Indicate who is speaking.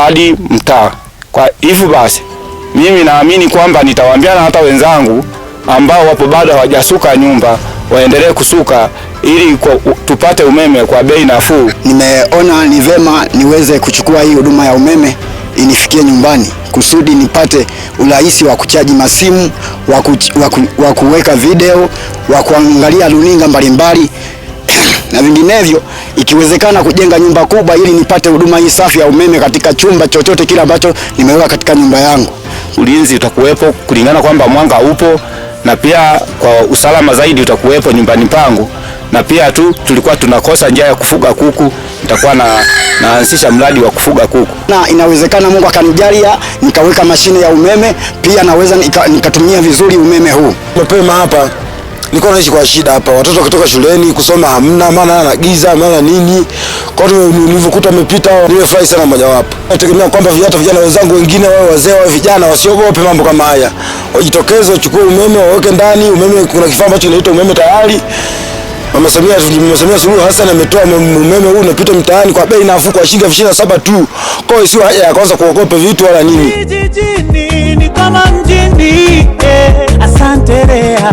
Speaker 1: hadi mtaa. Kwa hivyo basi, mimi naamini kwamba nitawaambia na hata wenzangu ambao wapo bado hawajasuka nyumba waendelee kusuka ili kwa, tupate umeme kwa bei nafuu.
Speaker 2: Nimeona ni vema niweze kuchukua hii huduma ya umeme inifikie nyumbani kusudi nipate urahisi wa kuchaji masimu, wa kuweka video, wa kuangalia runinga mbalimbali na vinginevyo, ikiwezekana kujenga nyumba kubwa ili nipate huduma hii safi ya umeme katika chumba chochote kile ambacho nimeweka katika nyumba yangu. Ulinzi utakuwepo kulingana kwamba mwanga upo na pia kwa usalama zaidi utakuwepo nyumbani pangu, na pia tu tulikuwa tunakosa njia ya kufuga kuku, nitakuwa na naanzisha mradi wa kufuga kuku, na inawezekana Mungu akanijalia nikaweka mashine ya umeme pia naweza nika, nikatumia vizuri umeme huu mapema hapa nilikuwa naishi kwa shida hapa, watoto wakitoka shuleni kusoma hamna, maana na giza maana nini. Kwa hiyo nilivyokuta amepita, nimefurahi sana. Mojawapo nategemea kwamba hata vijana wenzangu wengine, wao wazee, wao vijana wasiogope mambo kama haya, wajitokeze, wachukue umeme waweke ndani. Umeme kuna kifaa ambacho kinaitwa umeme tayari Mama Samia, Mama Samia Suluhu Hassan ametoa umeme huu unapita mtaani kwa bei nafuu kwa shilingi elfu ishirini na saba tu. Kwa hiyo sio haja ya kwanza kuogopa vitu wala nini. Kijijini ni kama mjini, eh, asante rea.